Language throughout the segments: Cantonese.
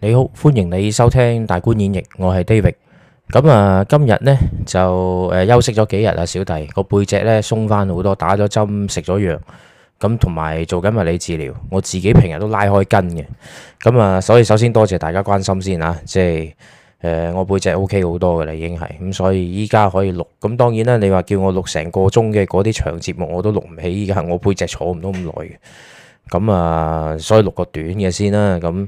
你好，歡迎你收聽大觀演繹。我係 David 咁啊。今日咧就誒休息咗幾日啊，小弟個背脊咧鬆翻好多，打咗針，食咗藥，咁同埋做緊物理治療。我自己平日都拉開筋嘅咁啊，所以首先多謝大家關心先啊，即係誒我背脊 OK 好多噶啦，已經係咁，所以依家可以錄咁。當然啦，你話叫我錄成個鐘嘅嗰啲長節目，我都錄唔起。依家係我背脊坐唔到咁耐嘅咁啊，所以錄個短嘅先啦咁。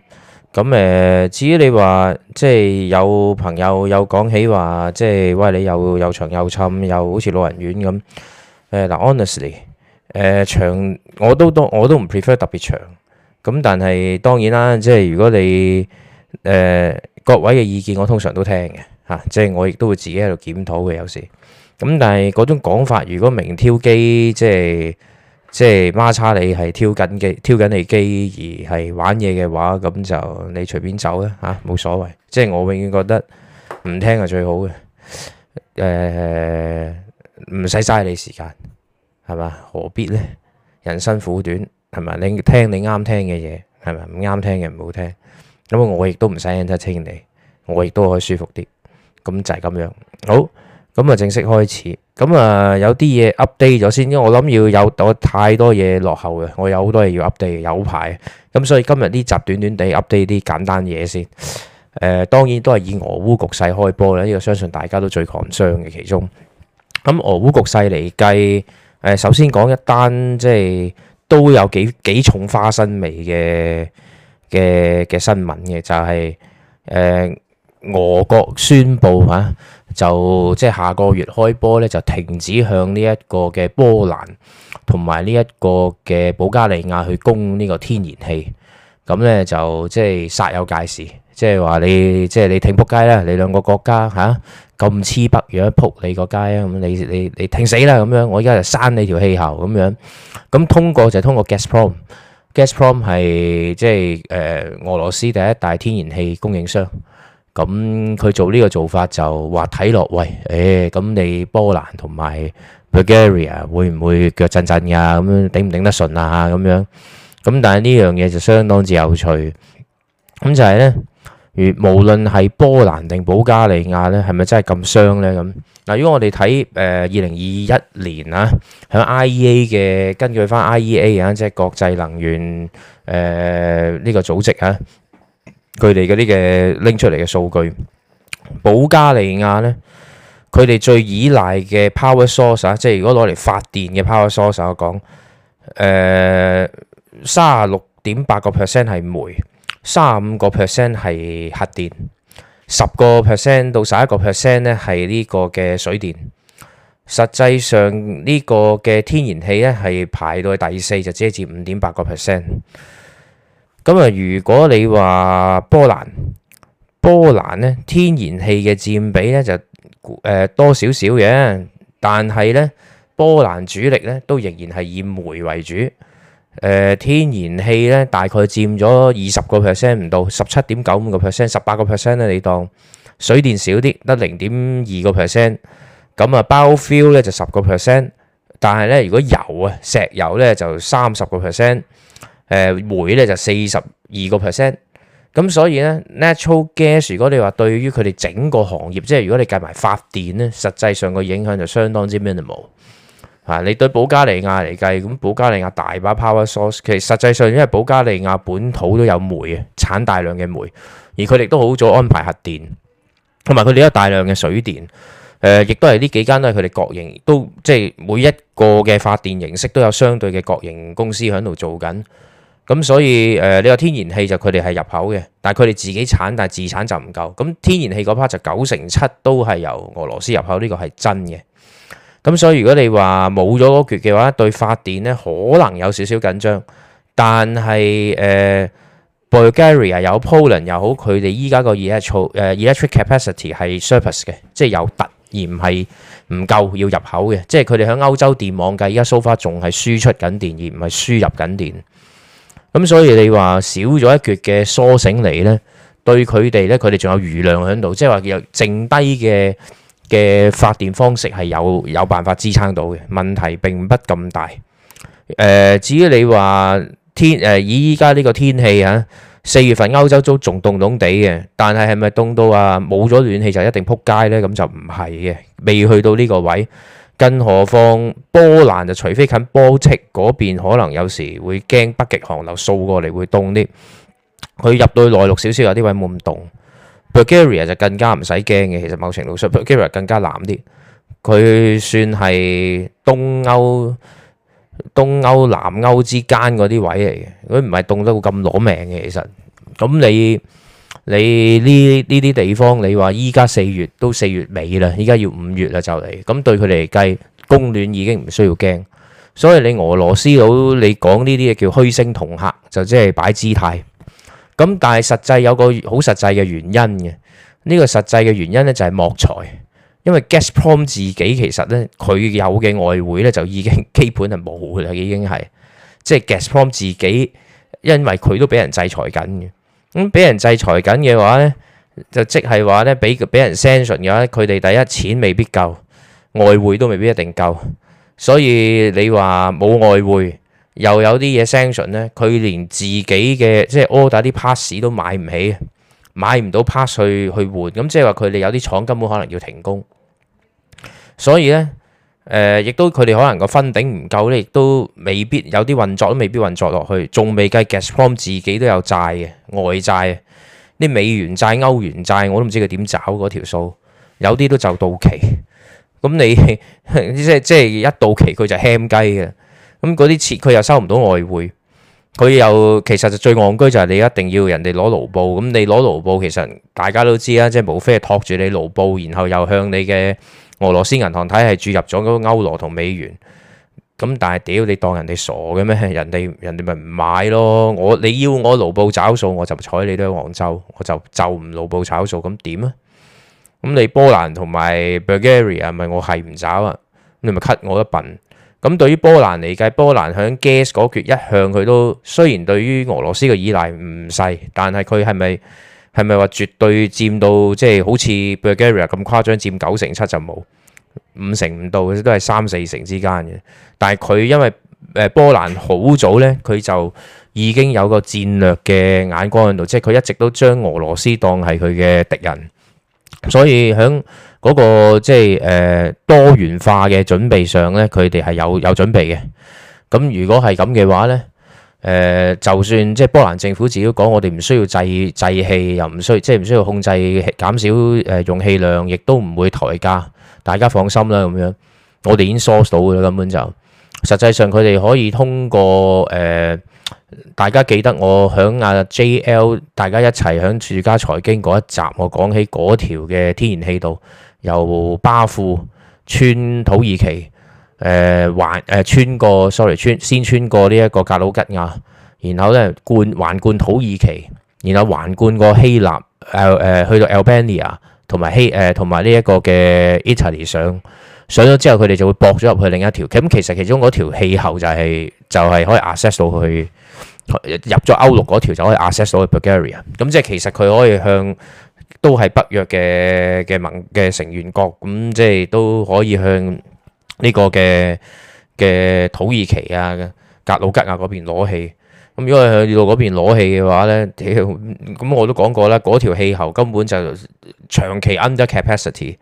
咁誒，至於你話即係有朋友有講起話，即係喂你又又長又沉，又好似老人院咁。誒嗱，honestly，誒長我都都我都唔 prefer 特別長。咁但係當然啦，即係如果你誒、呃、各位嘅意見，我通常都聽嘅嚇，即係我亦都會自己喺度檢討嘅有時。咁但係嗰種講法，如果明挑機即係，即係孖叉你係挑緊嘅，挑緊你機，而係玩嘢嘅話，咁就你隨便走啦吓，冇所謂。即係我永遠覺得唔聽係最好嘅，誒唔使嘥你時間，係嘛，何必呢？人生苦短係咪？你聽你啱聽嘅嘢係咪？唔啱聽嘅唔好聽，咁我亦都唔使聽得清你，我亦都可以舒服啲，咁就係咁樣好。咁啊正式開始。咁啊，有啲嘢 update 咗先，我諗要有我太多嘢落後嘅，我有好多嘢要 update，有排。咁所以今日呢集短短地 update 啲簡單嘢先。誒，當然都係以俄烏局勢開波啦，呢個相信大家都最狂傷嘅其中。咁俄烏局勢嚟計，誒首先講一單即係都有幾幾重花生味嘅嘅嘅新聞嘅，就係誒俄國宣布嚇。就即係下個月開波咧，就停止向呢一個嘅波蘭同埋呢一個嘅保加利亞去供呢個天然氣。咁咧就即係煞有介事，即係話你即係你停撲街啦！你兩個國家嚇咁黐北樣撲你個街啊！咁你你你停死啦！咁樣我依家就閂你條氣喉咁樣。咁通過就通過 Gazprom，Gazprom 係即係誒俄羅斯第一大天然氣供應商。咁佢做呢個做法就話睇落，喂，誒，咁你波蘭同埋保加利亞會唔會腳震震噶？咁頂唔頂得順啊？咁樣，咁但係呢樣嘢就相當之有趣。咁就係呢，無論係波蘭定保加利亞呢，係咪真係咁傷呢？咁嗱，如果我哋睇誒二零二一年啊，響 IEA 嘅根據翻 IEA 啊，即係國際能源誒呢個組織啊。佢哋嗰啲嘅拎出嚟嘅數據，保加利亞咧，佢哋最依賴嘅 power source，即係如果攞嚟發電嘅 power source 講，誒三啊六點八個 percent 係煤，三啊五個 percent 係核電，十個 percent 到十一個 percent 咧係呢個嘅水電。實際上呢個嘅天然氣咧係排到第四，就只係至五點八個 percent。咁啊，如果你話波蘭，波蘭咧，天然氣嘅佔比咧就誒、呃、多少少嘅，但係咧，波蘭主力咧都仍然係以煤為主，誒、呃，天然氣咧大概佔咗二十個 percent 唔到，十七點九五個 percent，十八個 percent 咧，你當水電少啲，得零點二個 percent，咁啊，biofuel 咧就十個 percent，但係咧，如果油啊，石油咧就三十個 percent。誒、煤呢就四十二個 percent，咁所以呢 natural gas 如果你話對於佢哋整個行業，即係如果你計埋發電呢，實際上個影響就相當之 minimal、啊、你對保加利亞嚟計，咁保加利亞大把 power source，其實實際上因為保加利亞本土都有煤呀，產大量嘅煤，而佢哋都好早安排核電，同埋佢哋有大量嘅水電。亦、呃、都係呢幾間都係佢哋各營都即係每一個嘅發電形式都有相對嘅國營公司喺度做緊。咁所以誒呢個天然氣就佢哋係入口嘅，但係佢哋自己產，但係自產就唔夠。咁天然氣嗰 part 就九成七都係由俄羅斯入口，呢個係真嘅。咁所以如果你話冇咗嗰橛嘅話，對發電呢可能有少少緊張，但係誒、呃、Bulgaria 又好 Poland 又好，佢哋依家個 electric 誒 electric capacity 係 surpass 嘅，即係有突而唔係唔夠要入口嘅，即係佢哋響歐洲電網㗎，依家 so far 仲係輸出緊電而唔係輸入緊電。咁所以你話少咗一橛嘅梳省嚟呢，對佢哋呢，佢哋仲有餘量喺度，即係話有剩低嘅嘅發電方式係有有辦法支撐到嘅，問題並不咁大。誒、呃，至於你話天誒，以依家呢個天氣嚇，啊，四月份歐洲都仲凍凍地嘅，但係係咪凍到啊冇咗暖氣就一定撲街呢？咁就唔係嘅，未去到呢個位。更何況波蘭就除非近波赤嗰邊，可能有時會驚北極寒流掃過嚟會凍啲。佢入到內陸少少，有啲位冇咁凍。Bulgaria 就更加唔使驚嘅，其實某程度上 Bulgaria 更加冷啲。佢算係東歐東歐南歐之間嗰啲位嚟嘅，佢唔係凍得會咁攞命嘅。其實咁你。你呢呢啲地方，你話依家四月都四月尾啦，依家要五月啦就嚟，咁對佢哋嚟計，供暖已經唔需要驚。所以你俄羅斯佬，你講呢啲嘢叫虛聲恫嚇，就即係擺姿態。咁但係實際有個好實際嘅原因嘅，呢、呢個實際嘅原因咧就係莫財，因為 Gazprom 自己其實咧佢有嘅外匯咧就已經基本係冇啦，已經係即係、即係、Gazprom 自己，因為佢都俾人制裁緊嘅。咁俾人制裁緊嘅話咧，就即係話咧，俾俾人 sanction 嘅話，佢哋第一錢未必夠，外匯都未必一定夠，所以你話冇外匯，又有啲嘢 sanction 咧，佢連自己嘅即係 order 啲 pass 都買唔起，買唔到 pass 去去換，咁即係話佢哋有啲廠根本可能要停工，所以咧。誒，亦、呃、都佢哋可能個分頂唔夠咧，亦都未必有啲運作都未必運作落去。仲未計 Gazprom 自己都有債嘅外債，啲美元債、歐元債我都唔知佢點找嗰條數，有啲都就到期。咁你 即係即係一到期佢就㷫雞嘅。咁嗰啲錢佢又收唔到外匯，佢又其實最就最戇居就係你一定要人哋攞盧布，咁你攞盧布其實大家都知啦，即係無非係托住你盧布，然後又向你嘅。俄羅斯銀行體系注入咗嗰歐羅同美元，咁但係屌你當人哋傻嘅咩？人哋人哋咪唔買咯。我你要我盧布找數，我就睬你啲杭州，我就就唔盧布找數，咁點啊？咁你波蘭同埋 Bulgaria 係咪我係唔找啊？你咪 cut 我一笨。咁對於波蘭嚟計，波蘭響 gas 嗰橛一向佢都雖然對於俄羅斯嘅依賴唔細，但係佢係咪？係咪話絕對佔到即係、就是、好似 Bulgaria 咁誇張？佔九成七就冇五成唔到，都係三四成之間嘅。但係佢因為誒波蘭好早咧，佢就已經有個戰略嘅眼光喺度，即係佢一直都將俄羅斯當係佢嘅敵人，所以喺嗰、那個即係誒多元化嘅準備上咧，佢哋係有有準備嘅。咁如果係咁嘅話咧？誒、呃，就算即係波蘭政府自己講，我哋唔需要制制氣，又唔需即係唔需要控制減少誒、呃、用氣量，亦都唔會抬價，大家放心啦咁樣。我哋已經 source 到啦，根本就實際上佢哋可以通過誒、呃，大家記得我響啊 JL，大家一齊響住家財經嗰一集，我講起嗰條嘅天然氣道，由巴庫穿土耳其。誒環誒穿過，sorry 穿先穿過呢一個格魯吉亞，然後咧冠橫貫土耳其，然後橫貫過希臘，誒、呃、誒去到 Albania，同埋希誒同埋呢一個嘅 Italy 上上咗之後，佢哋就會駁咗入去另一條。咁其實其中嗰條氣候就係、是、就係、是、可以 access 到去入咗歐陸嗰條，就可以 access 到去 Bulgaria。咁即係其實佢可以向都係北約嘅嘅盟嘅成員國，咁即係都可以向。呢個嘅嘅、這個、土耳其啊，格魯吉亞嗰邊攞氣，咁如果係去到嗰邊攞氣嘅話咧，屌、哎、咁我都講過啦，嗰條氣喉根本就長期 under capacity，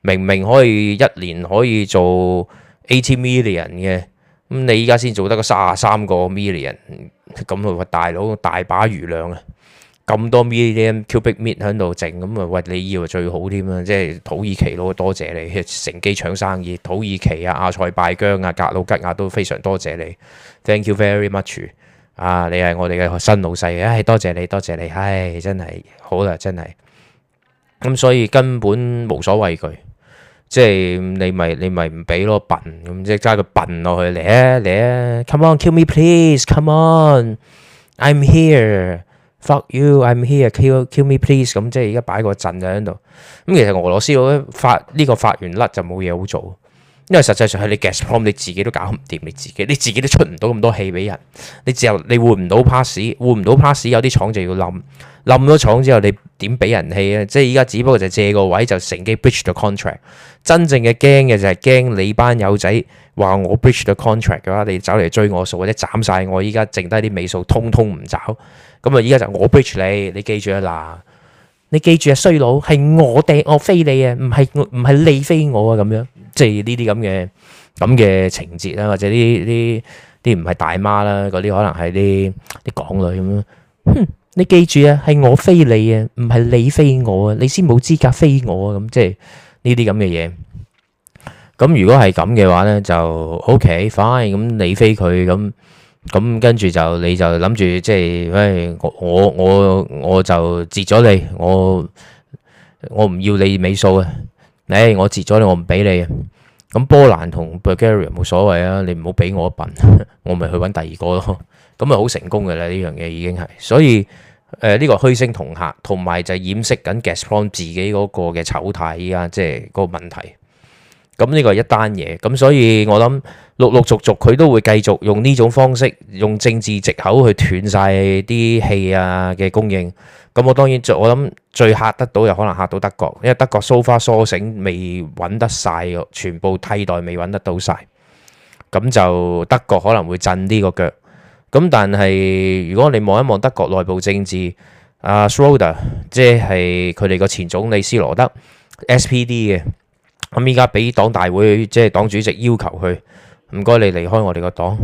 明明可以一年可以做 eighty million 嘅，咁、嗯、你依家先做得個三十三個 million，咁佢話大佬大把餘量啊！咁多 million cubic meter 喺度整咁啊，喂，你以為最好添啊？即係土耳其咯，多謝你乘機搶生意。土耳其啊，阿塞拜疆啊，格魯吉亞都非常多謝你。Thank you very much 啊！你係我哋嘅新老細，唉、哎，多謝你，多謝你，唉、哎，真係好啦，真係咁、嗯，所以根本無所畏懼。即係你咪你咪唔俾咯，笨咁即係揸個笨落去嚟嚟、啊啊、Come on kill me please，Come on，I'm here。Fuck you! I'm here. Kill, kill me please. 咁即係而家擺個陣喺度。咁其實俄羅斯，嗰發呢個發完甩就冇嘢好做，因為實際上係你 Gazprom 你自己都搞唔掂，你自己你自己都出唔到咁多氣俾人。你又你換唔到 pass，換唔到 pass，有啲廠就要冧。冧咗廠之後，你點俾人氣啊？即係而家只不過就借個位就乘機 breach the contract。真正嘅驚嘅就係驚你班友仔話我 breach the contract 嘅話，你走嚟追我數或者斬晒我。而家剩低啲尾數通通唔找。咁啊！依家就我 push 你，你記住啊嗱，你記住啊，衰佬係我哋我飛你啊，唔係唔係你飛我啊，咁樣即係呢啲咁嘅咁嘅情節啦，或者啲啲啲唔係大媽啦，嗰啲可能係啲啲港女咁樣。哼，你記住啊，係我飛你啊，唔係你飛我啊，你先冇資格飛我啊，咁即係呢啲咁嘅嘢。咁如果係咁嘅話咧，就 OK fine，咁你飛佢咁。咁跟住就你就諗住即係，喂、哎、我我我我就截咗你，我我唔要你尾數啊！你、哎、我截咗你，我唔俾你。啊。咁波蘭同 Bulgaria 冇所謂啊，你唔好俾我笨， 我咪去揾第二個咯。咁啊好成功嘅啦，呢樣嘢已經係，所以誒呢、呃這個虛聲恫吓，同埋就掩飾緊 Gazprom 自己嗰個嘅醜態，依家即係個問題。咁呢個係一單嘢，咁所以我諗陸陸續續佢都會繼續用呢種方式，用政治藉口去斷晒啲氣啊嘅供應。咁我當然就我諗最吓得到又可能吓到德國，因為德國蘇花蘇醒未揾得晒，全部替代未揾得到晒，咁就德國可能會震啲個腳。咁但係如果你望一望德國內部政治，阿 s r 施羅德即係佢哋個前總理斯羅德 SPD 嘅。咁依家俾黨大會，即係黨主席要求佢，唔該你離開我哋個黨，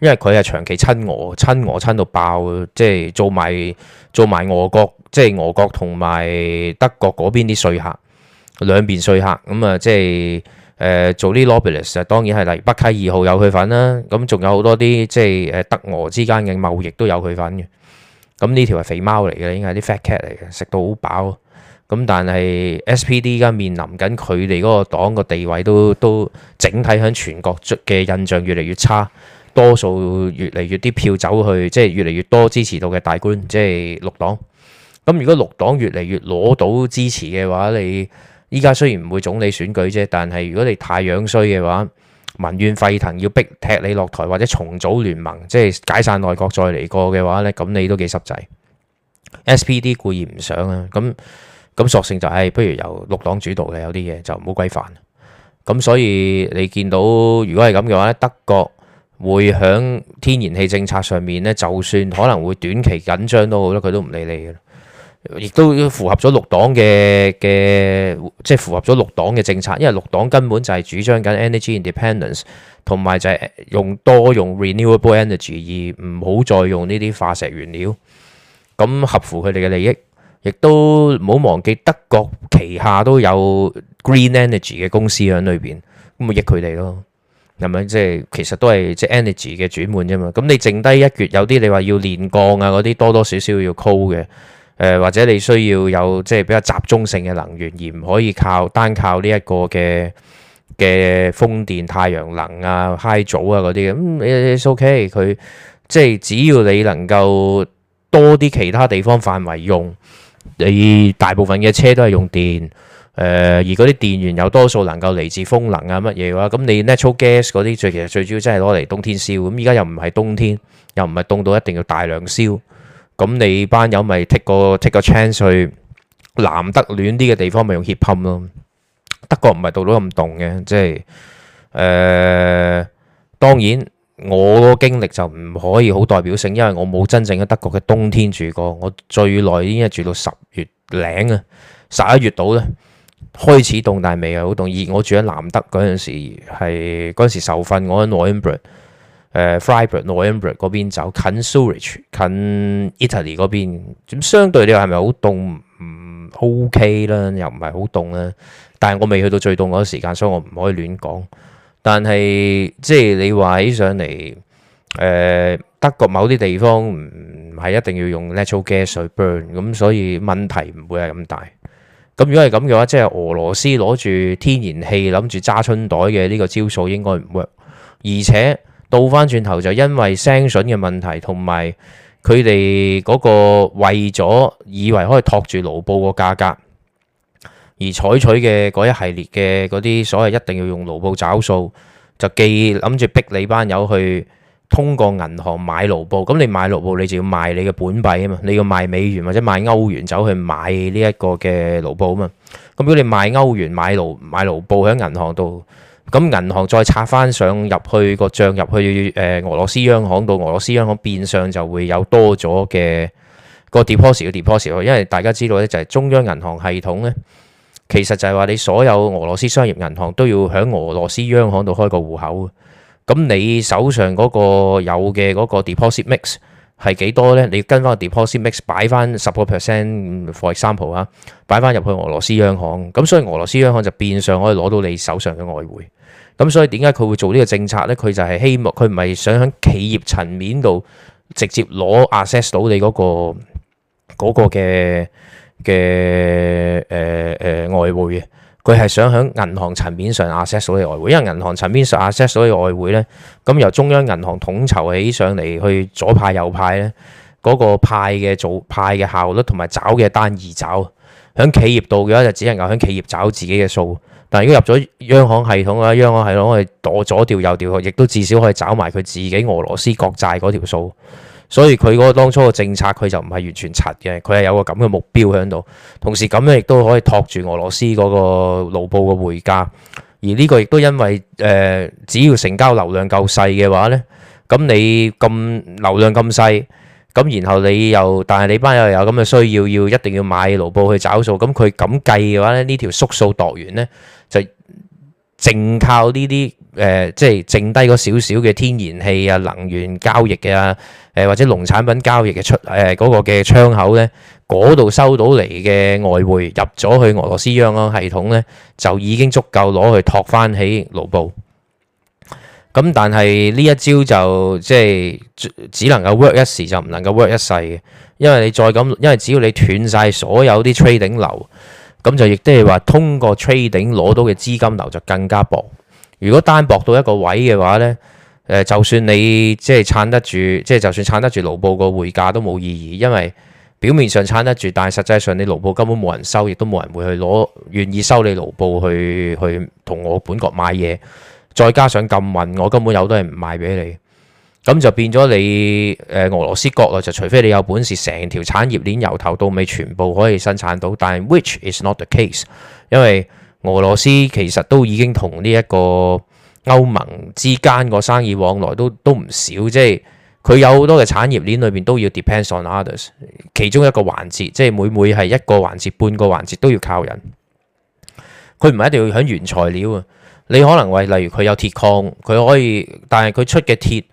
因為佢係長期親俄，親俄親到爆，即係做埋做埋俄國，即係俄國同埋德國嗰邊啲說客，兩邊說客，咁、嗯呃、啊，即係誒做啲 lobbyist，當然係嚟北溪二號有佢份啦，咁仲有好多啲即係誒德俄之間嘅貿易都有佢份嘅，咁呢條係肥貓嚟嘅，應該係啲 fat cat 嚟嘅，食到好飽。咁但係 SPD 而家面臨緊佢哋嗰個黨個地位都都整體響全國嘅印象越嚟越差，多數越嚟越啲票走去，即係越嚟越多支持到嘅大官，即係綠黨。咁如果綠黨越嚟越攞到支持嘅話，你依家雖然唔會總理選舉啫，但係如果你太樣衰嘅話，民怨沸騰要逼踢你落台或者重組聯盟，即係解散內閣再嚟過嘅話呢，咁你都幾濕滯。SPD 固然唔想啊，咁。咁索性就係、是，不如由綠黨主導嘅，有啲嘢就唔好規範。咁所以你見到，如果係咁嘅話咧，德國會響天然氣政策上面咧，就算可能會短期緊張好都好咧，佢都唔理你嘅，亦都符合咗綠黨嘅嘅，即係符合咗綠黨嘅政策。因為綠黨根本就係主張緊 energy independence，同埋就係用多用 renewable energy，而唔好再用呢啲化石原料。咁合乎佢哋嘅利益。亦都唔好忘記德國旗下都有 Green Energy 嘅公司喺裏邊，咁咪益佢哋咯，係咪？即係其實都係即係 Energy 嘅轉換啫嘛。咁你剩低一月有啲你話要煉鋼啊嗰啲，多多少少要 call 嘅。誒、呃、或者你需要有即係比較集中性嘅能源，而唔可以靠單靠呢一個嘅嘅風電、太陽能啊、Hydro 啊嗰啲咁，It's OK。佢即係只要你能夠多啲其他地方範圍用。你大部分嘅車都係用電，誒，而嗰啲電源有多數能夠嚟自風能啊乜嘢嘅話，咁你 natural gas 嗰啲最其實最主要真係攞嚟冬天燒。咁而家又唔係冬天，又唔係凍到一定要大量燒，咁你班友咪 take 個 take 個 chance 去南得暖啲嘅地方咪用 heat pump 咯。德國唔係到到咁凍嘅，即係誒當然。我個經歷就唔可以好代表性，因為我冇真正喺德國嘅冬天住過。我最耐已經住到十月零啊，十一月度咧，開始凍但未係好凍。而我住喺南德嗰陣時，係嗰時受訓，我喺 Norimber，誒、呃、Freiburg Norimber 嗰邊走，近 Zurich，近 Italy 嗰邊，咁相對你話係咪好凍？唔 OK 啦，又唔係好凍啦。但係我未去到最凍嗰個時間，所以我唔可以亂講。但係即係你話起上嚟，誒、呃、德國某啲地方唔係一定要用 natural gas 去 burn，咁所以問題唔會係咁大。咁如果係咁嘅話，即係俄羅斯攞住天然氣諗住揸春袋嘅呢個招數應該唔 work。而且倒翻轉頭就因為聲訊嘅問題，同埋佢哋嗰個為咗以為可以托住盧布個價格，而採取嘅嗰一系列嘅嗰啲，所謂一定要用盧布找數，就既諗住逼你班友去通過銀行買盧布。咁你買盧布，你就要賣你嘅本幣啊嘛。你要賣美元或者賣歐元走去買呢一個嘅盧布啊嘛。咁如果你賣歐元買盧買盧布喺銀行度，咁銀行再拆翻上入去個帳入去誒俄羅斯央行到，俄羅斯央行變相就會有多咗嘅個 deposit 嘅 deposit。因為大家知道咧，就係中央銀行系統咧。其實就係話你所有俄羅斯商業銀行都要喺俄羅斯央行度開個戶口啊！咁你手上嗰個有嘅嗰個 deposit mix 係幾多呢？你跟翻個 deposit mix 擺翻十個 percent for example 啊，擺翻入去俄羅斯央行。咁所以俄羅斯央行就變相可以攞到你手上嘅外匯。咁所以點解佢會做呢個政策呢？佢就係希望佢唔係想喺企業層面度直接攞 access 到你嗰個、嗰個嘅。嘅誒誒外匯嘅，佢係想喺銀行層面上 access 所有外匯，因為銀行層面上 access 所有外匯呢，咁由中央銀行統籌起上嚟去左派右派呢，嗰、那個派嘅做派嘅效率同埋找嘅單二找，喺企業度嘅話就只能夠喺企業找自己嘅數，但係如果入咗央行系統啊，央行系統可以左調右調，亦都至少可以找埋佢自己俄羅斯國債嗰條數。所以佢嗰個當初嘅政策，佢就唔係完全柒嘅，佢係有個咁嘅目標響度。同時，咁樣亦都可以托住俄羅斯嗰個盧布嘅匯價。而呢個亦都因為誒、呃、只要成交流量夠細嘅話咧，咁你咁流量咁細，咁然後你又，但係你班友有咁嘅需要，要一定要買盧布去找數，咁佢咁計嘅話咧，這個、呢條縮數度完咧，就淨靠呢啲。誒，即係剩低嗰少少嘅天然氣啊、能源交易啊、誒或者農產品交易嘅出誒嗰個嘅窗口咧，嗰度收到嚟嘅外匯入咗去俄羅斯央行系統咧，就已經足夠攞去託翻起盧布。咁但係呢一招就即係只能夠 work 一時，就唔能夠 work 一世嘅，因為你再咁，因為只要你斷曬所有啲 trading 流，咁就亦都係話通過 trading 攞到嘅資金流就更加薄，如果單薄到一個位嘅話呢，誒，就算你即係撐得住，即係就算撐得住盧布個匯價都冇意義，因為表面上撐得住，但係實際上你盧布根本冇人收，亦都冇人會去攞願意收你盧布去去同我本國買嘢，再加上禁運，我根本有都係唔賣俾你，咁就變咗你誒俄羅斯國內就除非你有本事成條產業鏈由頭到尾全部可以生產到，但係 which is not the case，因為俄羅斯其實都已經同呢一個歐盟之間個生意往來都都唔少，即係佢有好多嘅產業鏈裏面都要 depends on others，其中一個環節，即係每每係一個環節、半個環節都要靠人。佢唔係一定要響原材料啊，你可能話例如佢有鐵礦，佢可以，但係佢出嘅鐵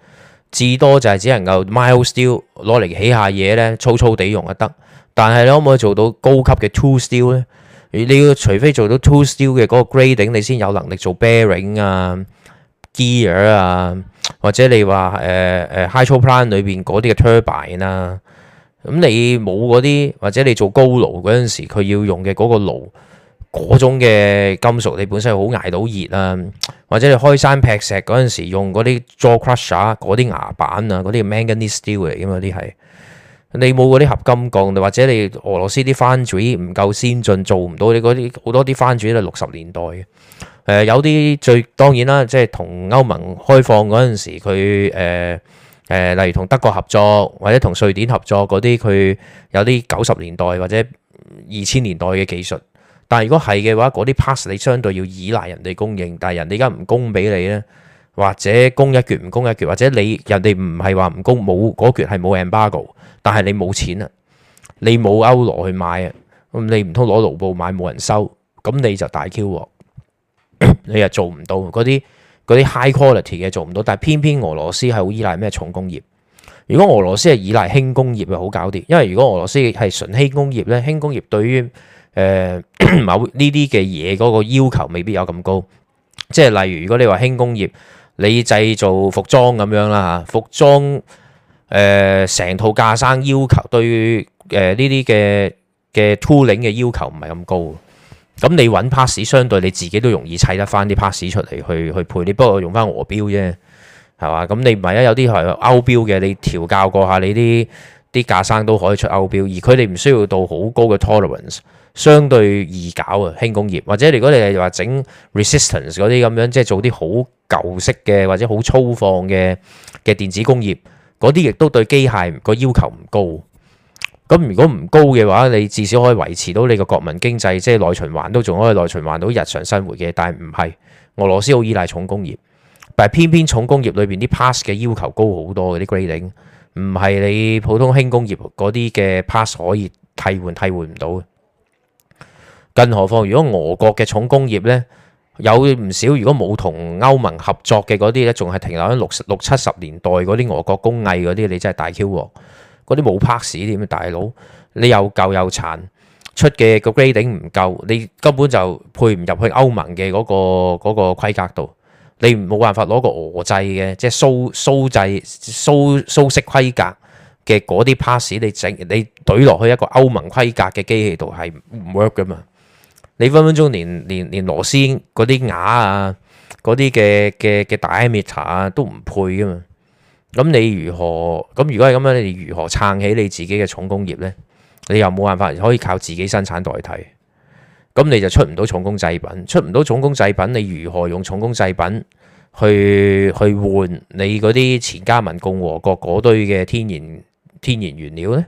至多就係只能夠 mild steel 攞嚟起下嘢呢，粗粗地用啊得，但係你可唔可以做到高級嘅 tool steel 呢？你要除非做到 t w o steel 嘅嗰個 grading，你先有能力做 bearing 啊、gear 啊，或者你話誒誒 high power plan 裏邊嗰啲嘅 turbine 啊。咁你冇嗰啲，或者你做高爐嗰陣時，佢要用嘅嗰個爐嗰種嘅金屬，你本身好捱到熱啊。或者你開山劈石嗰陣時，用嗰啲 jaw crusher 嗰、啊、啲牙板啊，嗰啲 manganese steel 嚟㗎嘛，啲係。你冇嗰啲合金鋼，或者你俄羅斯啲番轉唔夠先進，做唔到你嗰啲好多啲番轉都係六十年代嘅。誒有啲最當然啦，即係同歐盟開放嗰陣時，佢誒誒，例如同德國合作或者同瑞典合作嗰啲，佢有啲九十年代或者二千年代嘅技術。但係如果係嘅話，嗰啲 p a s s 你相對要依賴人哋供應，但係人哋而家唔供俾你咧。或者供一橛唔供一橛，或者你人哋唔係話唔供，冇嗰橛係冇 embargo，但係你冇錢啊，你冇歐羅去買啊，咁你唔通攞盧布買冇人收，咁你就大 Q 喎，你又做唔到嗰啲嗰啲 high quality 嘅做唔到。但係偏偏俄羅斯係好依賴咩重工業。如果俄羅斯係依賴輕工業，又好搞啲，因為如果俄羅斯係純輕工業咧，輕工業對於誒、呃、某呢啲嘅嘢嗰個要求未必有咁高，即係例如如果你話輕工業。你製造服裝咁樣啦嚇，服裝誒成、呃、套架生要求對誒呢啲、呃、嘅嘅 tooling 嘅要求唔係咁高，咁 你揾 pass 相對你自己都容易砌得翻啲 pass 出嚟去去配，你不過用翻俄標啫，係嘛？咁你萬一有啲係歐標嘅，你調教過下你啲。啲架生都可以出歐標，而佢哋唔需要到好高嘅 tolerance，相對易搞啊，輕工業。或者如果你係話整 resistance 嗰啲咁樣，即係做啲好舊式嘅或者好粗放嘅嘅電子工業，嗰啲亦都對機械個要求唔高。咁如果唔高嘅話，你至少可以維持到你個國民經濟，即係內循環都仲可以內循環到日常生活嘅。但係唔係俄羅斯好依賴重工業，但係偏偏重工業裏邊啲 pass 嘅要求高好多啲 grading。唔係你普通輕工業嗰啲嘅 pass 可以替換，替換唔到。更何況如果俄國嘅重工業呢，有唔少如果冇同歐盟合作嘅嗰啲呢，仲係停留喺六六七十年代嗰啲俄國工藝嗰啲，你真係大 Q 喎。嗰啲冇 pass 添啊，大佬，你又舊又殘，出嘅個 grading 唔夠，你根本就配唔入去歐盟嘅嗰個嗰個規格度。你冇辦法攞個俄製嘅，即係蘇蘇製蘇蘇，蘇式規格嘅嗰啲 pass，你整你懟落去一個歐盟規格嘅機器度係唔 work 噶嘛？你分分鐘連連連螺絲嗰啲牙啊，嗰啲嘅嘅嘅 diameter 啊都唔配噶嘛？咁你如何？咁如果係咁樣，你哋如何撐起你自己嘅重工業咧？你又冇辦法可以靠自己生產代替？咁你就出唔到重工製品，出唔到重工製品，你如何用重工製品去去換你嗰啲前加盟共和國嗰堆嘅天然天然原料呢？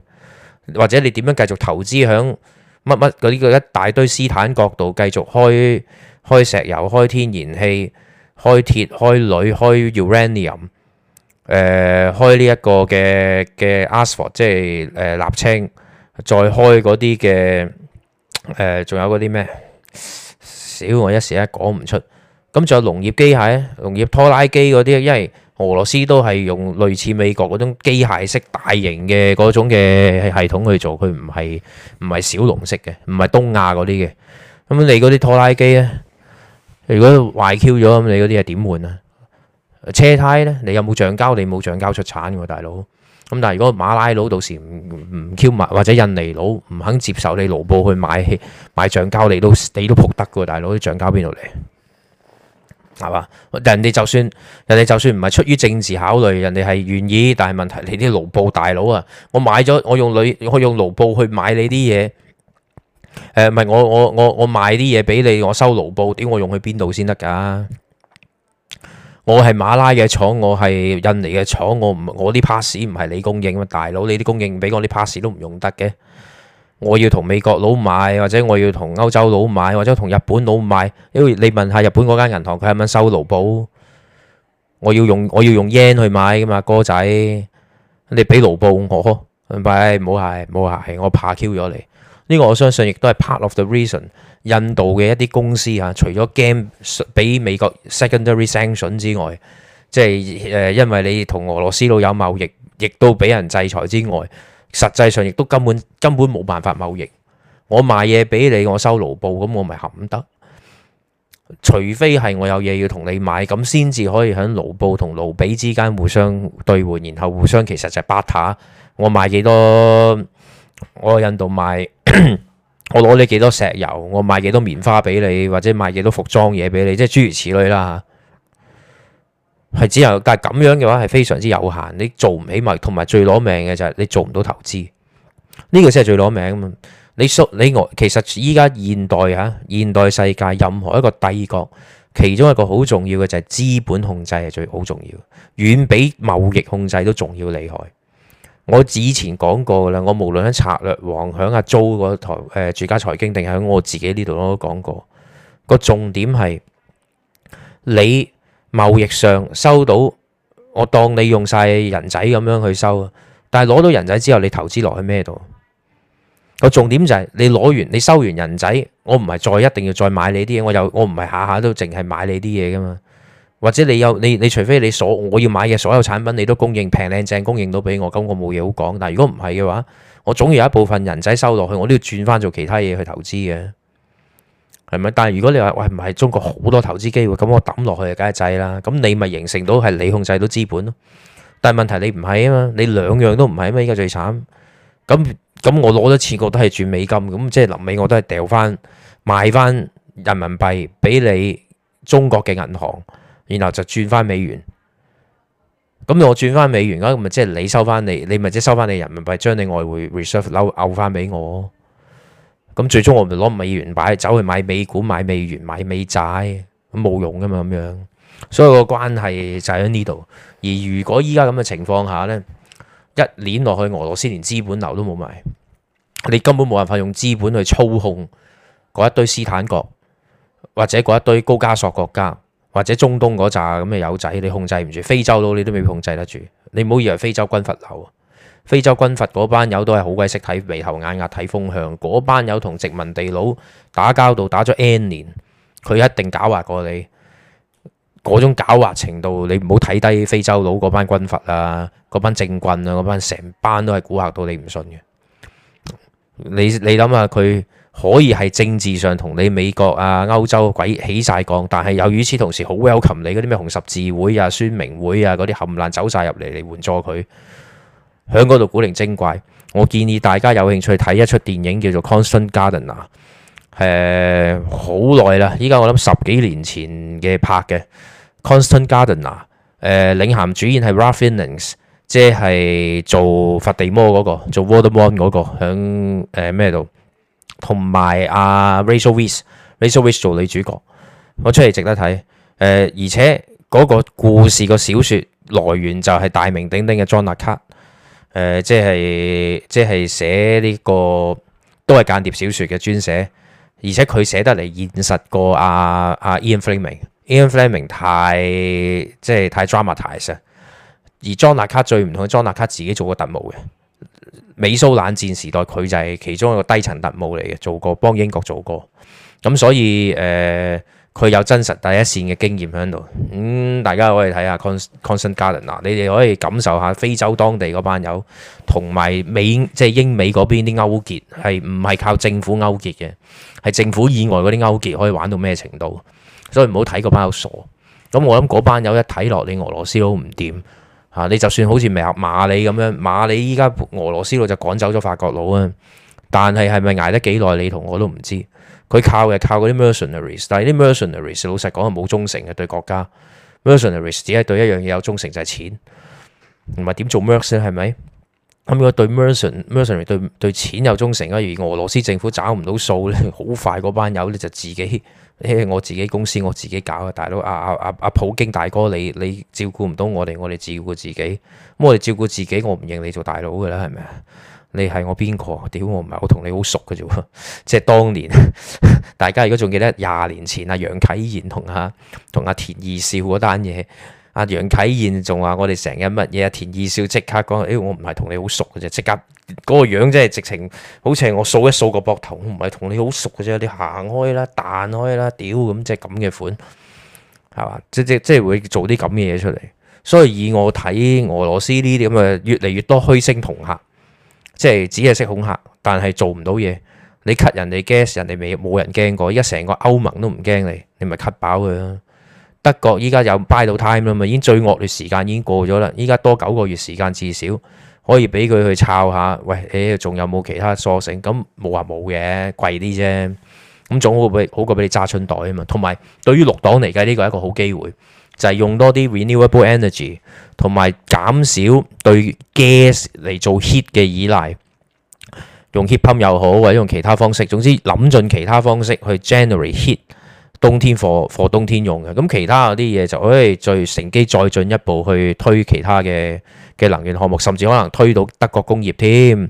或者你點樣繼續投資響乜乜嗰啲個一大堆斯坦國度繼續開開石油、開天然氣、開鐵、開鋁、開 uranium，誒開呢一、呃、個嘅嘅 asphalt 即係誒瀝青，再開嗰啲嘅。誒，仲有嗰啲咩？少我一時咧講唔出。咁仲有農業機械啊，農業拖拉機嗰啲，因為俄羅斯都係用類似美國嗰種機械式大型嘅嗰種嘅係系統去做，佢唔係唔係小農式嘅，唔係東亞嗰啲嘅。咁你嗰啲拖拉機咧，如果壞 Q 咗咁，你嗰啲係點換啊？車胎咧，你有冇橡膠？你冇橡膠出產嘅，大佬？咁但係如果馬拉佬到時唔唔 Q，或者印尼佬唔肯接受你盧布去買買橡膠，你都你都都撲得㗎，大佬，啲橡膠邊度嚟？係嘛？人哋就算人哋就算唔係出於政治考慮，人哋係願意，但係問題你啲盧布大佬啊，我買咗我用旅我用盧布去買你啲嘢，誒唔係我我我我買啲嘢俾你，我收盧布，點我用去邊度先得㗎？我係馬拉嘅廠，我係印尼嘅廠，我唔我啲 pass 唔係你供應㗎嘛，大佬你啲供應俾我啲 pass 都唔用得嘅。我要同美國佬買，或者我要同歐洲佬買，或者同日本佬買。因為你問下日本嗰間銀行，佢係咪收盧布？我要用我要用 yen 去買噶嘛，哥仔你俾盧布我，唔係唔好係唔好係，我怕 Q 咗你。呢個我相信亦都係 part of the reason。印度嘅一啲公司嚇、啊，除咗驚俾美國 secondary sanction 之外，即係、呃、因為你同俄羅斯佬有貿易，亦都俾人制裁之外，實際上亦都根本根本冇辦法貿易。我賣嘢俾你，我收盧布，咁我咪冚得。除非係我有嘢要同你買，咁先至可以響盧布同盧比之間互相對換，然後互相其實就係八塔。我賣幾多？我印度賣。 我攞你幾多石油，我賣幾多棉花俾你，或者賣幾多服裝嘢俾你，即係諸如此類啦吓。係只有但係咁樣嘅話係非常之有限，你做唔起貿易，同埋最攞命嘅就係你做唔到投資。呢、這個先係最攞命啊！你你外，其實依家現代吓現代世界任何一個帝國，其中一個好重要嘅就係資本控制係最好重要，遠比貿易控制都仲要厲害。我之前講過噶啦，我無論喺策略王響阿租台誒、呃、住家財經，定係喺我自己呢度都講過。個重點係你貿易上收到，我當你用晒人仔咁樣去收，但係攞到人仔之後，你投資落去咩度？個重點就係你攞完你收完人仔，我唔係再一定要再買你啲嘢，我又我唔係下下都淨係買你啲嘢噶嘛。或者你有你你除非你所我要買嘅所有產品，你都供應平靚正，供應到俾我咁，我冇嘢好講。但係如果唔係嘅話，我總有一部分人仔收落去，我都要轉翻做其他嘢去投資嘅，係咪？但係如果你話喂，唔係中國好多投資機會咁，我抌落去就梗係制啦。咁你咪形成到係你控制到資本咯。但係問題你唔係啊嘛，你兩樣都唔係啊嘛，依家最慘咁咁，我攞咗次，覺都係轉美金咁，即係臨尾我都係掉翻買翻人民幣俾你中國嘅銀行。然後就轉翻美元，咁我轉翻美元，咁咪即係你收翻你，你咪即收翻你人民幣，將你外匯 reserve 翻俾我。咁最終我咪攞美元擺，走去買美股、買美元、買美債，冇用噶嘛咁樣。所以個關係就喺呢度。而如果依家咁嘅情況下呢，一年落去俄羅斯連資本流都冇埋，你根本冇辦法用資本去操控嗰一堆斯坦國或者嗰一堆高加索國家。或者中東嗰扎咁嘅友仔，你控制唔住非洲佬，你都未控制得住。你唔好以為非洲軍閥佬，非洲軍閥嗰班友都係好鬼識睇眉頭眼額睇風向。嗰班友同殖民地佬打交道，打咗 N 年，佢一定狡猾過你。嗰種狡猾程度，你唔好睇低非洲佬嗰班軍閥啊，嗰班政棍啊，嗰班成班都係蠱惑到你唔信嘅。你你諗下佢。可以係政治上同你美國啊、歐洲鬼起晒戙，但係又與此同時好 welcome 你嗰啲咩紅十字會啊、宣明會啊嗰啲冚爛走晒入嚟嚟援助佢，喺嗰度古靈精怪。我建議大家有興趣睇一出電影叫做《Constant、呃、Gardener》誒，好耐啦，依家我諗十幾年前嘅拍嘅《Constant Gardener、呃》誒，領銜主演係 Ralph Fiennes，即係做佛地魔嗰個做 Voldemort 嗰個，喺咩度？同埋阿 Rachel Weisz，Rachel Weisz 做女主角，我出嚟值得睇。誒、呃，而且嗰個故事個小説來源就係大名鼎鼎嘅 John le Carré，h 誒、呃，即係即係寫呢、這個都係間諜小説嘅專寫，而且佢寫得嚟現實過阿、啊、阿、啊啊、Ian Fleming，Ian Fleming 太即係太 dramatize 而 John le Carré 最唔同嘅 John le Carré 自己做過特務嘅。美蘇冷戰時代，佢就係其中一個低層特務嚟嘅，做過幫英國做過，咁所以誒，佢、呃、有真實第一線嘅經驗喺度。咁、嗯、大家可以睇下 Constant Gardener 你哋可以感受下非洲當地嗰班友，同埋美即係、就是、英美嗰邊啲勾結係唔係靠政府勾結嘅，係政府以外嗰啲勾結可以玩到咩程度？所以唔好睇嗰班友傻。咁我諗嗰班友一睇落，你俄羅斯都唔掂。啊！你就算好似馬馬里咁樣，馬里依家俄羅斯佬就趕走咗法國佬啊！但係係咪捱得幾耐，你同我都唔知。佢靠嘅靠嗰啲 mercenaries，但係啲 mercenaries 老實講係冇忠誠嘅對國家。mercenaries 只係對一樣嘢有忠誠就係錢，唔係點做 mercen 係咪？咁如果對 mer mercen，mercenary 對對錢有忠誠啊？而俄羅斯政府找唔到數咧，好 快嗰班友你就自己。我自己公司我自己搞嘅大佬，阿阿阿阿普京大哥，你你照顧唔到我哋，我哋照顧自己。咁我哋照顧自己，我唔認你做大佬噶啦，係咪啊？你係我邊個？屌，我唔係我同你好熟嘅啫。 即係當年， 大家如果仲記得廿年前啊，楊啟彥同啊同阿田二少嗰單嘢。阿楊啟賢仲話：我哋成日乜嘢？田二少即刻講：誒、哎，我唔係同你好熟嘅啫，即刻嗰個樣真係直情好似我掃一掃個膊頭，唔係同你好熟嘅啫，你行開啦，彈開啦，屌咁，即係咁嘅款，係嘛？即即即會做啲咁嘅嘢出嚟。所以以我睇，俄羅斯呢啲咁嘅越嚟越多虛聲恫嚇，即係只係識恐嚇，但係做唔到嘢。你 cut 人哋 gas，人哋未冇人驚過，依家成個歐盟都唔驚你，你咪 cut 飽佢啦。德國依家有 buy 到 time 啦嘛，已經最惡劣時間已經過咗啦。依家多九個月時間至少可以俾佢去抄下。喂，誒、欸、仲有冇其他索性？咁冇話冇嘅，貴啲啫。咁總好比好過俾你揸春袋啊嘛。同埋對於綠黨嚟講，呢、這個係一個好機會，就係、是、用多啲 renewable energy，同埋減少對 gas 嚟做 heat 嘅依賴，用 heat pump 又好或者用其他方式，總之諗盡其他方式去 generate heat。冬天貨貨冬天用嘅，咁其他嗰啲嘢就，可以再乘機再進一步去推其他嘅嘅能源項目，甚至可能推到德國工業添。咁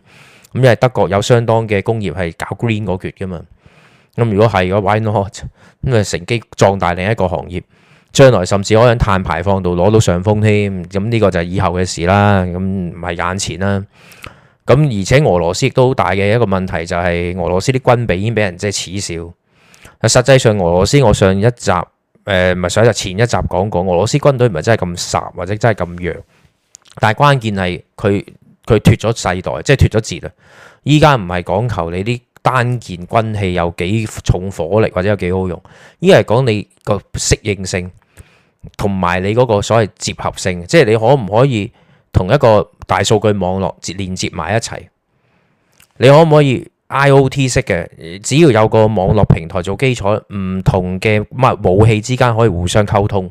因為德國有相當嘅工業係搞 green 嗰橛㗎嘛。咁如果係嘅話，咁咪乘機壯大另一個行業，將來甚至可能碳排放度攞到上風添。咁呢個就係以後嘅事啦，咁唔係眼前啦。咁而且俄羅斯亦都好大嘅一個問題就係俄羅斯啲軍備已經俾人即係恥笑。實際上俄羅斯，我上一集誒，唔係上一集，前一集講過，俄羅斯軍隊唔係真係咁孱，或者真係咁弱。但係關鍵係佢佢脫咗世代，即係脫咗節啦。依家，唔係講求你啲單件軍器有幾重火力，或者有幾好用。依係講你個適應性，同埋你嗰個所謂結合性，即係你可唔可以同一個大數據網絡接連接埋一齊？你可唔可以？IoT 式嘅，只要有個網絡平台做基礎，唔同嘅乜武器之間可以互相溝通。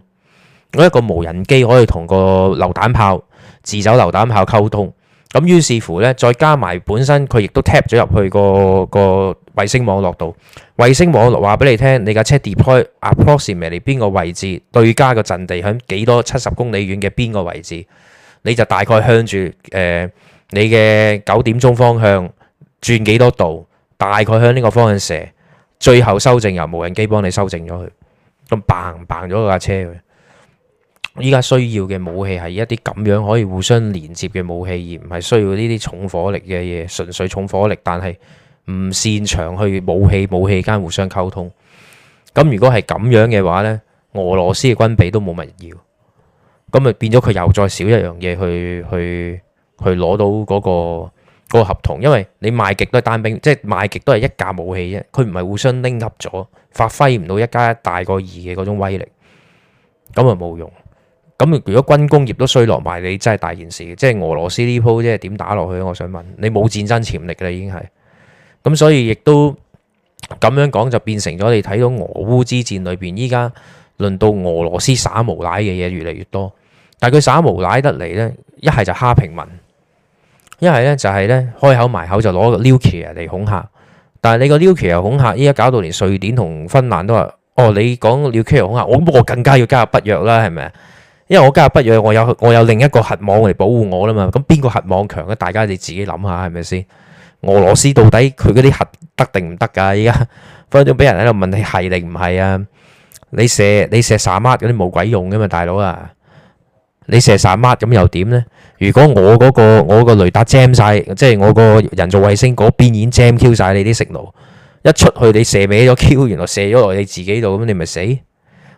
嗰一個無人機可以同個榴彈炮、自走榴彈炮溝通。咁於是乎呢，再加埋本身佢亦都 tap 咗入去個個衛星網絡度。衛星網絡話俾你聽，你架車 deploy approximately 邊個位置對家個陣地喺幾多七十公里遠嘅邊個位置，你就大概向住誒、呃、你嘅九點鐘方向，轉幾多度，大概向呢個方向射，最後修正由無人機幫你修正咗佢，咁嘭嘭咗架車嘅。依家需要嘅武器係一啲咁樣可以互相連接嘅武器，而唔係需要呢啲重火力嘅嘢，純粹重火力，但係唔擅長去武器武器間互相溝通。咁如果係咁樣嘅話呢，俄羅斯嘅軍備都冇乜要，咁啊變咗佢又再少一樣嘢去去去攞到嗰個個合同，因為你賣極都係單兵，即係賣極都係一架武器啫。佢唔係互相拎合咗，發揮唔到一加一大過二嘅嗰種威力，咁啊冇用。咁如果軍工業都衰落埋，你真係大件事嘅。即係俄羅斯呢鋪，即係點打落去？我想問你冇戰爭潛力啦，已經係咁，所以亦都咁樣講就變成咗你睇到俄烏之戰裏邊，依家輪到俄羅斯耍無賴嘅嘢越嚟越多，但係佢耍無賴得嚟咧，一係就蝦平民。一係咧就係咧，開口埋口就攞 nuclear 嚟恐嚇，但係你個 nuclear 恐嚇，依家搞到連瑞典同芬蘭都話：哦、oh，你講 nuclear 恐嚇，我我更加要加入北約啦，係咪啊？因為我加入北約，我有我有另一個核網嚟保護我啦嘛。咁邊個核網強咧？大家你自己諗下，係咪先？俄羅斯到底佢嗰啲核得定唔得㗎？依家分分鐘俾人喺度問你係定唔係啊？你射你射啥乜嗰啲冇鬼用噶嘛，大佬啊！你射殺乜咁又點呢？如果我嗰個我個雷達 jam 曬，即係我個人造衛星嗰邊已經 jam Q 曬你啲 signal，一出去你射歪咗 Q，原來射咗落你自己度，咁你咪死，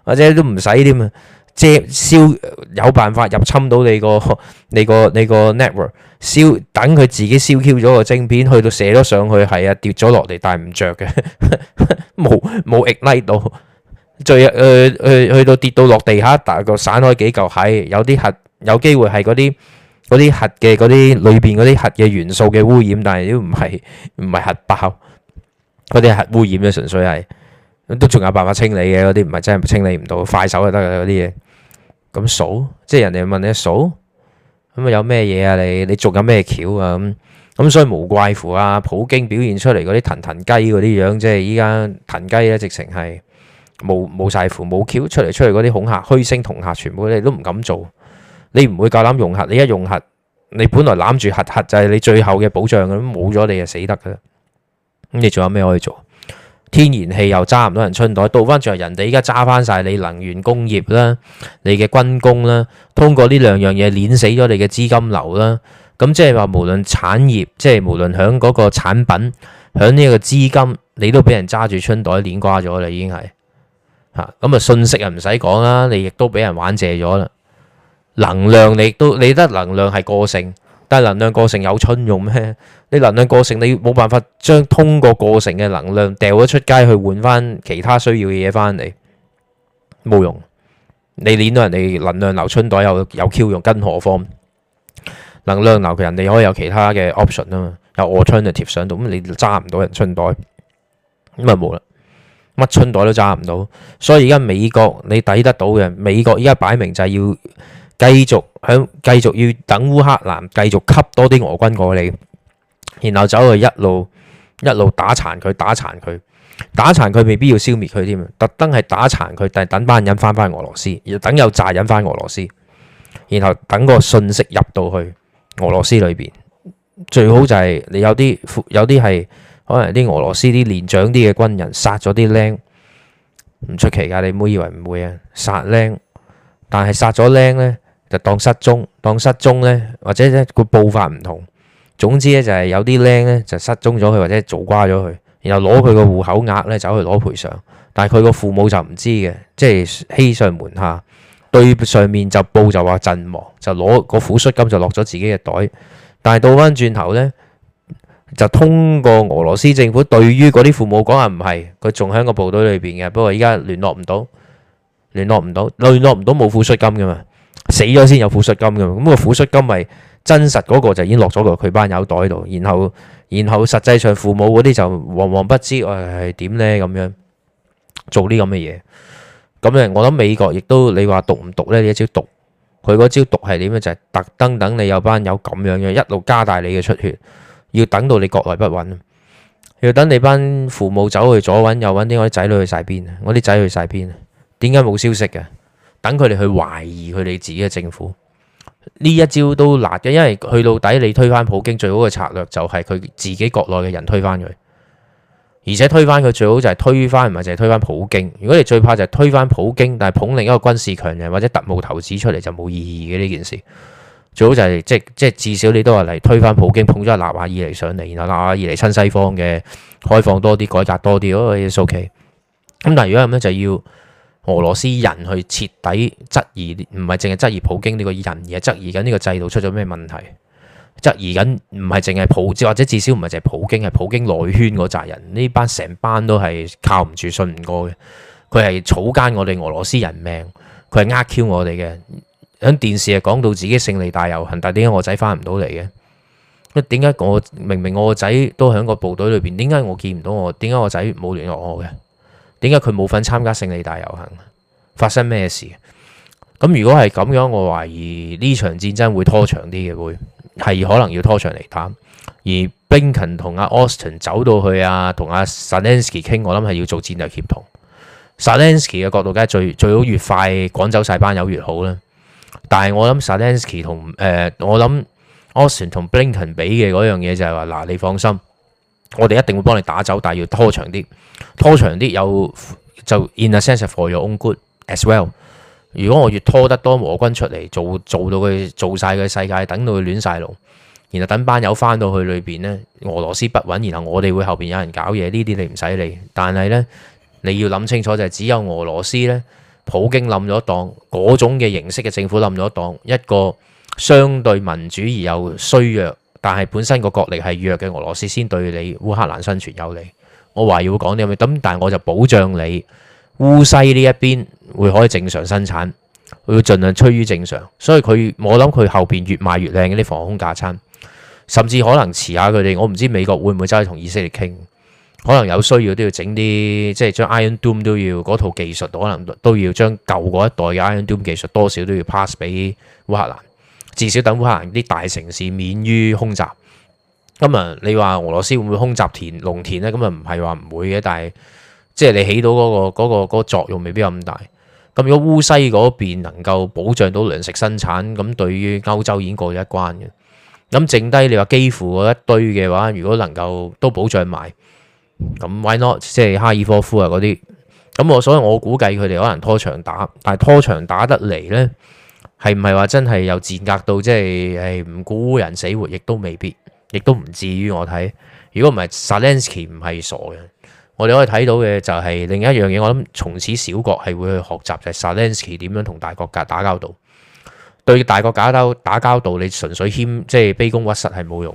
或者都唔使添啊！遮燒有辦法入侵到你個你個你個 network，燒等佢自己燒 Q 咗個晶片，去到射咗上去係啊，跌咗落嚟但係唔著嘅，冇冇 ignite 到。最誒誒去到跌到落地下，突個散開幾嚿蟹，有啲核有機會係嗰啲嗰啲核嘅嗰啲裏邊嗰啲核嘅元素嘅污染，但係都唔係唔係核爆，嗰啲核污染嘅，純粹係都仲有辦法清理嘅嗰啲，唔係真係清理唔到，快手就得㗎啦嗰啲嘢。咁數，即係人哋問你數，咁啊有咩嘢啊？你你仲有咩橋啊？咁咁所以無怪乎啊，普京表現出嚟嗰啲騰騰雞嗰啲樣，即係依家騰雞咧，直情係。冇冇曬符，冇橋出嚟出嚟嗰啲恐嚇虛聲同嚇，全部你都唔敢做。你唔會夠膽用核，你一用核，你本來攬住核，核就係你最後嘅保障咁，冇咗你就死得噶啦。咁你仲有咩可以做？天然氣又揸唔到人春袋，倒翻轉係人哋而家揸翻晒你能源工業啦，你嘅軍工啦，通過呢兩樣嘢碾死咗你嘅資金流啦。咁即係話無論產業，即係無論響嗰個產品，響呢一個資金，你都俾人揸住春袋碾瓜咗啦，已經係。啊咁啊，信息啊唔使講啦，你亦都俾人玩借咗啦。能量你亦都你得能量係過剩，但係能量過剩有春用咩？你能量過剩你要冇辦法將通過過剩嘅能量掉咗出街去換翻其他需要嘅嘢翻嚟，冇用。你攣到人哋能量流春袋有有 Q 用，更何況能量流人哋可以有其他嘅 option 啊嘛，有 alternative 上到，咁你就揸唔到人春袋，咁咪冇啦。乜春袋都揸唔到，所以而家美國你抵得到嘅。美國依家擺明就係要繼續響，繼續要等烏克蘭繼續吸多啲俄軍過嚟，然後走去一路一路打殘佢，打殘佢，打殘佢，未必要消滅佢添啊！特登係打殘佢，但係等班人翻翻俄羅斯，又等有炸人翻俄羅斯，然後等個信息入到去俄羅斯裏邊，最好就係、是、你有啲有啲係。可能啲俄羅斯啲年長啲嘅軍人殺咗啲僆，唔出奇㗎。你唔好以為唔會啊，殺僆，但係殺咗僆呢，就當失蹤，當失蹤呢，或者個步法唔同。總之呢，就係有啲僆呢，就失蹤咗佢，或者做瓜咗佢，然後攞佢個戶口額呢，走去攞賠償。但係佢個父母就唔知嘅，即係欺上瞞下，對上面就報就話陣亡，就攞個撫恤金就落咗自己嘅袋。但係倒翻轉頭呢。就通過俄羅斯政府對於嗰啲父母講話，唔係佢仲喺個部隊裏邊嘅，不過依家聯絡唔到，聯絡唔到，聯絡唔到冇撫恤金噶嘛，死咗先有撫恤金噶嘛，咁個撫恤金咪真實嗰個就已經落咗落佢班友袋度，然後然後實際上父母嗰啲就惶惶不知，誒係點呢？咁樣做啲咁嘅嘢。咁咧，我諗美國亦都你話毒唔毒咧？一招毒，佢嗰招毒係點咧？就係特登等你有班友咁樣樣一路加大你嘅出血。要等到你國內不穩，要等你班父母走去左揾右揾啲我啲仔女去晒邊，我啲仔去晒邊，點解冇消息嘅？等佢哋去懷疑佢哋自己嘅政府，呢一招都辣嘅，因為去到底你推翻普京最好嘅策略就係佢自己國內嘅人推翻佢，而且推翻佢最好就係推翻唔係就係推翻普京。如果你最怕就係推翻普京，但係捧另一個軍事強人或者特務頭子出嚟，就冇意義嘅呢件事。最好就係、係、即即至少你都係嚟推翻普京，捧咗阿納瓦爾尼上嚟，然後納瓦爾尼親西方嘅開放多啲，改革多啲嗰個嘢 OK。咁但係如果咁咧，就要俄羅斯人去徹底質疑，唔係淨係質疑普京呢個人，而係質疑緊呢個制度出咗咩問題？質疑緊唔係淨係普，或者至少唔係淨係普京，係普京內圈嗰扎人，呢班成班都係靠唔住、信唔過嘅。佢係草菅我哋俄羅斯人命，佢係呃 Q 我哋嘅。喺電視係，講到自己勝利大遊行，但點解我仔翻唔到嚟嘅？點解我明明我個仔都喺個部隊裏邊，點解我見唔到我？點解我仔冇聯絡我嘅？點解佢冇份參加勝利大遊行？發生咩事？咁如果係咁樣，我懷疑呢場戰爭會拖長啲嘅，會係可能要拖長嚟打。而 Blinken 同 in 阿 Austin 走到去啊，同阿 Zelensky 傾，我諗係要做戰略協同。Zelensky 嘅角度，梗係最最好越快趕走晒班友越好啦。但係我諗 Saransky 同誒、呃、我諗 Austin 同 Blinken 畀嘅嗰樣嘢就係話嗱，你放心，我哋一定會幫你打走，但係要拖長啲，拖長啲有就 in a sense for your own good as well。如果我越拖得多俄軍出嚟，做做到佢做晒佢世界，等到佢亂晒路，然後等班友翻到去裏邊呢，俄羅斯不穩，然後我哋會後邊有人搞嘢，呢啲你唔使理。但係呢，你要諗清楚就係只有俄羅斯呢。普京冧咗檔，嗰種嘅形式嘅政府冧咗檔，一個相對民主而又衰弱，但係本身個國力係弱嘅俄羅斯，先對你烏克蘭生存有利。我懷疑會講啲咁，咁但係我就保障你烏西呢一邊會可以正常生產，會盡量趨於正常。所以佢，我諗佢後邊越賣越靚嗰啲防空架撐，甚至可能遲下佢哋，我唔知美國會唔會走去同以色列傾。可能有需要都要整啲，即係將 Iron Dome 都要嗰套技術，可能都要將舊嗰一代嘅 Iron Dome 技術多少都要 pass 俾烏克蘭，至少等烏克蘭啲大城市免於空襲。咁啊，你話俄羅斯會唔會空襲田農田咧？咁啊，唔係話唔會嘅，但係即係你起到嗰、嗰個、嗰個、嗰個作用未必咁大。咁如果烏西嗰邊能夠保障到糧食生產，咁對於歐洲已經過咗一關嘅。咁剩低你話幾乎嗰一堆嘅話，如果能夠都保障埋。咁 why not 即係哈爾科夫啊嗰啲，咁，我所以我估計佢哋可能拖長打，但係拖長打得嚟呢，係唔係話真係又賤格到即係係唔顧人死活，亦都未必，亦都唔至於我睇。如果唔係 Saranski 唔係傻嘅，我哋可以睇到嘅就係另一樣嘢。我諗從此小國係會去學習，就係 Saranski 點樣同大國架打交道。對大國架打交道，你純粹謙即係卑躬屈膝係冇用。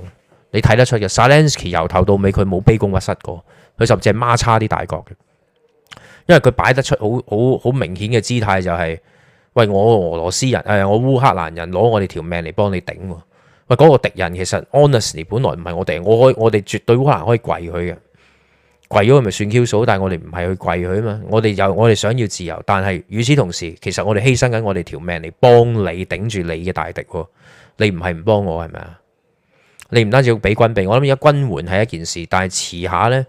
你睇得出嘅，Zelensky 由頭到尾佢冇卑躬屈膝過，佢甚至係孖叉啲大國，嘅，因為佢擺得出好好好明顯嘅姿態就係、是：喂，我俄羅斯人，誒、呃，我烏克蘭人攞我哋條命嚟幫你頂喎、啊。喂，嗰、那個敵人其實 honestly 本來唔係我哋，我可我哋絕對烏克蘭可以跪佢嘅，跪咗佢咪算 Q 數？但係我哋唔係去跪佢啊嘛，我哋又我哋想要自由，但係與此同時，其實我哋犧牲緊我哋條命嚟幫你頂住你嘅大敵喎、啊。你唔係唔幫我係咪啊？你唔單止要俾軍備，我諗而家軍援係一件事，但係遲下咧，誒、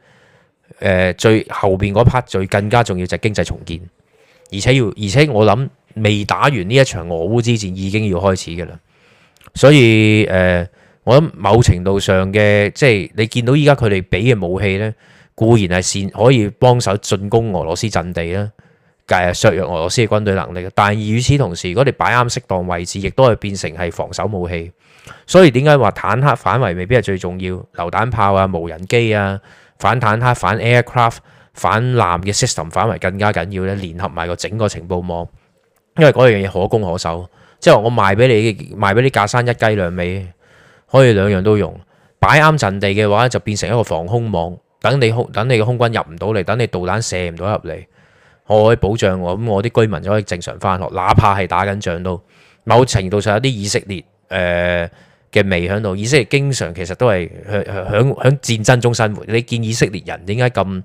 呃、最後邊嗰 part 最更加重要就係經濟重建，而且要而且我諗未打完呢一場俄烏之戰已經要開始嘅啦，所以誒、呃，我諗某程度上嘅即係你見到依家佢哋俾嘅武器咧，固然係先可以幫手進攻俄羅斯陣地啦。介削弱俄羅斯嘅軍隊能力，但係與此同時，如果你擺啱適當位置，亦都係變成係防守武器。所以點解話坦克範圍未必係最重要？榴彈炮啊、無人機啊、反坦克、反 aircraft、反艦嘅 system 範圍更加緊要咧。聯合埋個整個情報網，因為嗰樣嘢可攻可守。即係我賣俾你，賣俾啲架生一雞兩尾，可以兩樣都用。擺啱陣地嘅話，就變成一個防空網，等你空等你嘅空軍入唔到嚟，等你導彈射唔到入嚟。我可以保障我咁，我啲居民就可以正常返學，哪怕係打緊仗都。某程度上有啲以色列誒嘅、呃、味喺度。以色列經常其實都係響響響戰爭中生活。你見以色列人點解咁，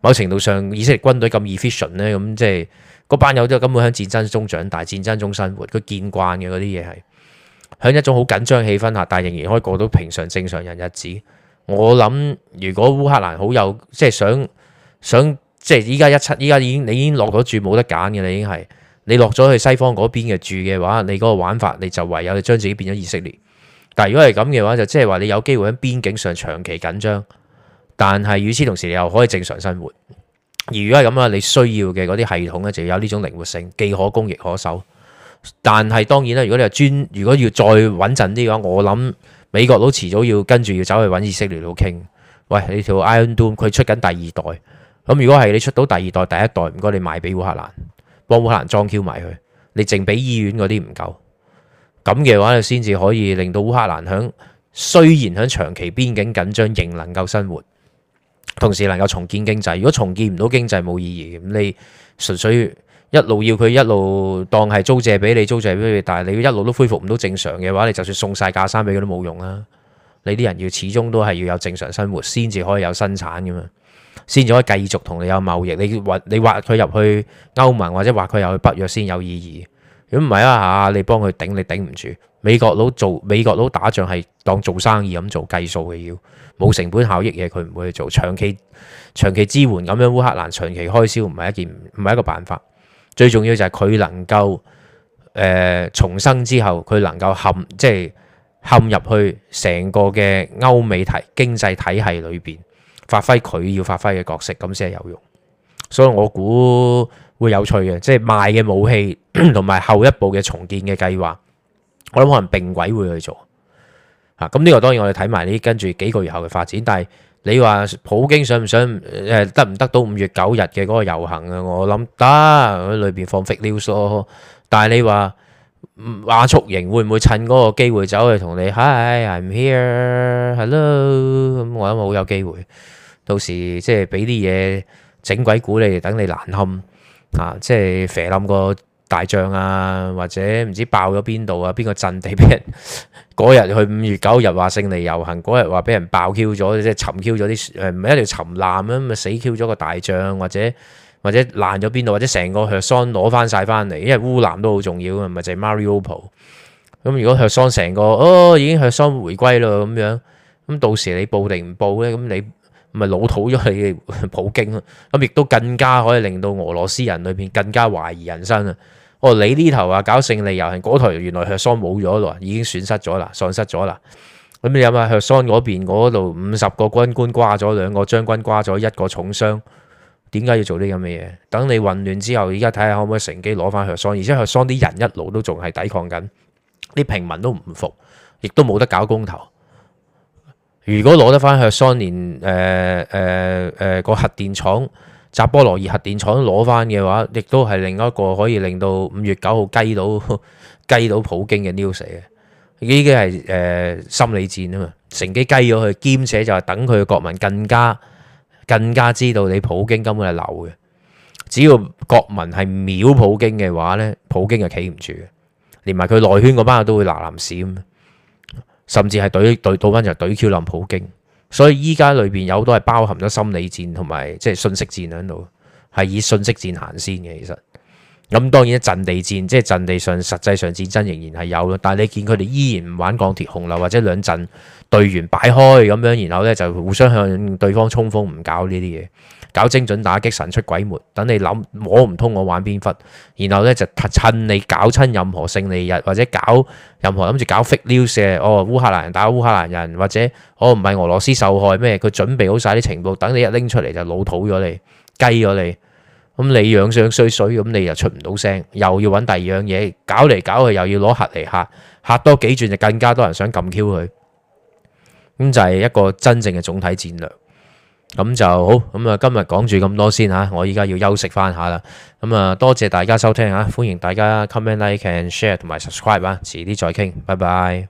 某程度上以色列軍隊咁 efficient 呢？咁即係嗰班友都根本喺戰爭中長大、戰爭中生活，佢見慣嘅嗰啲嘢係響一種好緊張氣氛下，但係仍然可以過到平常正常人日子。我諗如果烏克蘭好有即係想想。想即係依家一七，依家已經你已經落咗住，冇得揀嘅啦。你已經係你落咗去西方嗰邊嘅住嘅話，你嗰個玩法你就唯有你將自己變咗以色列。但係如果係咁嘅話，就即係話你有機會喺邊境上長期緊張，但係與此同時你又可以正常生活。而如果係咁啊，你需要嘅嗰啲系統呢，就有呢種靈活性，既可攻亦可守。但係當然啦，如果你話專，如果要再穩陣啲嘅話，我諗美國都遲早要跟住要走去揾以色列佬傾。喂，你條 Iron Dome 佢出緊第二代。咁如果係你出到第二代、第一代，唔該你賣俾烏克蘭，幫烏克蘭裝 Q 埋佢，你淨俾醫院嗰啲唔夠，咁嘅話你先至可以令到烏克蘭響雖然響長期邊境緊張，仍能夠生活，同時能夠重建經濟。如果重建唔到經濟冇意義，咁你純粹一路要佢一路當係租借俾你，租借俾你，但係你一路都恢復唔到正常嘅話，你就算送晒架生俾佢都冇用啦。你啲人要始終都係要有正常生活，先至可以有生產噶嘛。先至可以繼續同你有貿易，你揾你畫佢入去歐盟或者畫佢入去北約先有意義。如果唔係啊嚇，你幫佢頂，你頂唔住。美國佬做美國佬打仗係當做生意咁做計數嘅，要冇成本效益嘢佢唔會做。長期長期支援咁樣烏克蘭長期開銷唔係一件唔係一個辦法。最重要就係佢能夠誒、呃、重生之後，佢能夠陷即係陷入去成個嘅歐美體經濟體系裏邊。發揮佢要發揮嘅角色，咁先係有用。所以我估會有趣嘅，即係賣嘅武器同埋 後一步嘅重建嘅計劃，我諗可能併軌會去做。吓、啊、咁、這、呢個當然我哋睇埋呢跟住幾個月後嘅發展。但係你話普京想唔想誒，得唔得到五月九日嘅嗰個遊行啊？我諗得、啊，裏邊放 fake news。但係你話亞速營會唔會趁嗰個機會走去同你 Hi，I'm here，Hello，咁我諗好有機會。到時即係俾啲嘢整鬼估你，等你難堪啊！即係肥冧個大將啊，或者唔知爆咗邊度啊？邊個陣地俾人嗰 日去五月九日話勝利遊行，嗰日話俾人爆 Q 咗，即係沉 Q 咗啲誒，唔、呃、係一條沉艦啊，咁死 Q 咗個大將，或者或者爛咗邊度，或者成個殼桑攞翻晒翻嚟，因為烏南都好重要啊，唔係就係、是、Mariupol。咁、嗯、如果殼桑成個哦已經殼桑回歸啦咁樣，咁到時你報定唔報咧？咁你？咪老土咗佢普京咯，咁亦都更加可以令到俄羅斯人裏邊更加懷疑人生啊！哦，你呢頭啊搞勝利遊行，嗰頭原來赫桑冇咗啦，已經損失咗啦，喪失咗啦。咁你諗下赫桑嗰邊嗰度五十個軍官瓜咗兩個，將軍瓜咗一個重傷，點解要做啲咁嘅嘢？等你混亂之後，依家睇下可唔可以乘機攞返赫桑，而且赫桑啲人一路都仲係抵抗緊，啲平民都唔服，亦都冇得搞公投。如果攞得翻去桑連，誒誒誒個核電廠，扎波羅熱核電廠攞翻嘅話，亦都係另一個可以令到五月九號雞到雞到普京嘅 news 嚟嘅，呢啲係誒心理戰啊嘛，乘機雞咗佢，兼且就係等佢嘅國民更加更加知道你普京根本係流嘅，只要國民係秒普京嘅話咧，普京就企唔住嘅。連埋佢內圈嗰班都會嗱嗱閃。甚至係對對到對翻就對喬林普京，所以依家裏邊有好多係包含咗心理戰同埋即係信息戰喺度，係以信息戰行先嘅。其實咁當然陣地戰即係陣地上實際上戰爭仍然係有咯，但係你見佢哋依然唔玩鋼鐵洪流或者兩陣隊員擺開咁樣，然後呢就互相向對方衝鋒，唔搞呢啲嘢。搞精準打擊，神出鬼沒，等你諗摸唔通我玩邊忽，然後咧就趁你搞親任何勝利日或者搞任何諗住搞 fake news 嘅，哦烏克蘭人打烏克蘭人，或者哦唔係俄羅斯受害咩？佢準備好晒啲情報，等你一拎出嚟就老土咗你，雞咗你，咁你樣樣衰衰，咁你又出唔到聲，又要搵第二樣嘢搞嚟搞去，又要攞核嚟嚇，嚇多幾轉就更加多人想撳 Q 佢，咁就係一個真正嘅總體戰略。咁就好，咁啊今日講住咁多先嚇，我依家要休息翻下啦。咁啊，多謝大家收聽嚇，歡迎大家 comment like and share 同埋 subscribe 啊，遲啲再傾，拜拜。